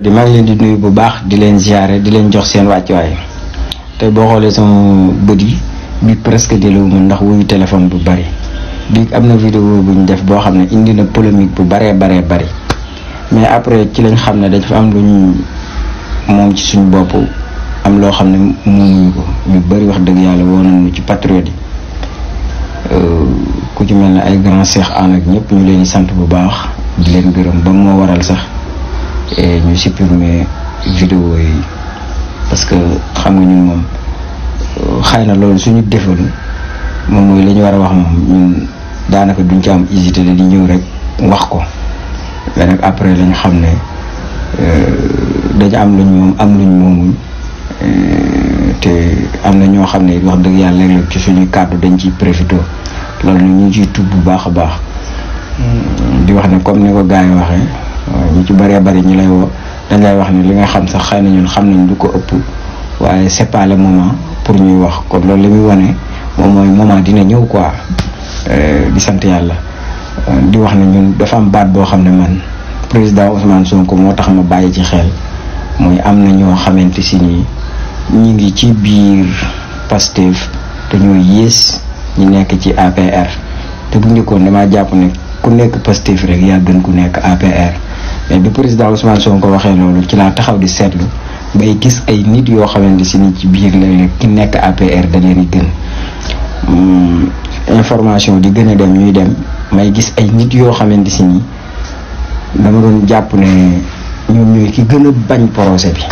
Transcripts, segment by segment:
di maa ngi leen di nuyu bu baax di leen ziare di leen jox seen wàccuwaay te boo xoolee sama bët yi bi presque jëlewuma ndax wuyu téléphone bu bari bi am na vidéo bu ñu def boo xam ne indi na polémique bu baree baree bari mais après ci lañ xam ne dañ dafa am lu ñu moom ci suñu bopp am loo xam ne moomuñu ko ñu bari wax dëgg yàlla woo nañu ci patriote yi euh, ku ci mel ne ay grand seex ànd ak ñëpp ñu leen di sant bu baax di leen gërëm ba moo waral sax. ñu ñu supprimer vidéo yi parce que xam nga ñun moom xëy na loolu suñu defoon moom mooy li war a wax moom ñun daanaka duñ ci am hésité di ñëw rek wax ko mais après lañu xam ne euh, dañu am luñ moom am luñ moomul euh, te am na ñoo xam ne wax dëgg yàlla léeg ci suñuy kàddu dañ ciy profité loolu ñu ngi ciy tudd bu baax a baax hmm. di wax ne comme ni ko gars yi waxee ñu ci bëree bëri ñu lay wo dañ lay wax ne li nga xam sax xëy na ñun xam nañ du ko ëpp waaye c'est pas moment pour ñuy wax kon loolu li muy wane moom mooy moment dina ñëw quoi euh, di sant yàlla euh, di wax ne ñun dafa am xam ne man président Ousmane Sonko moo tax ma bàyyi ci xeel mooy am na ñoo xamante si nii ñi ngi ci biir Pastef te ñoo yées ñi nekk ci APR te bu njëkkoon damaa jàpp ne ku nekk Pastef rek yaa gën ku nekk APR mais bi président Ousmane Sonko waxee loolu ci laa taxaw di seetlu bay gis ay nit yoo xamante si ni ci biir léeg-léeg ki nekk APR da leen di gën hmm, information di gën a dem ñuy dem may gis ay nit yoo xamante si ni dama doon jàpp ne ñoom ñooy ki gën a bañ projet bi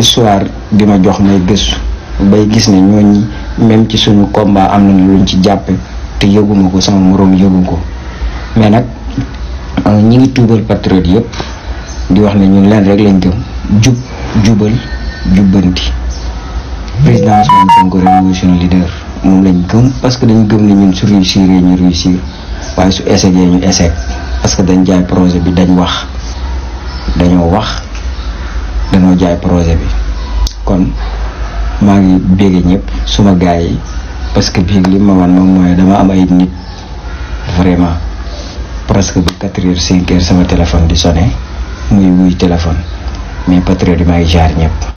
histoire di ma jox may gëstu bay gis ne ñooñi même ci suñu combat am nañ luñ ci jàppee te yëguma ko sama moroom yëgu ko mais nag ñi ngi tuubal patriote yëpp di wax ne ñun leen rek lañ gëm jub jubal jubbanti président Ousmane Sonko mooy sunu leader moom lañ gëm parce que dañ gëm ne ñun su réussir ñu réussir waaye su échec ñu échec parce que dañu jaay projet bi dañu wax dañoo wax danoo jaay projet bi kon maa ngi bégg ñëpp suma gaay yi parce que biig li ma wan moom mooy dama am ay nit vraiment presque ba quatre heures cinq heures sama téléphone di sonné muy wuy téléphone mais patriote yi maa ngi jaar ñëpp.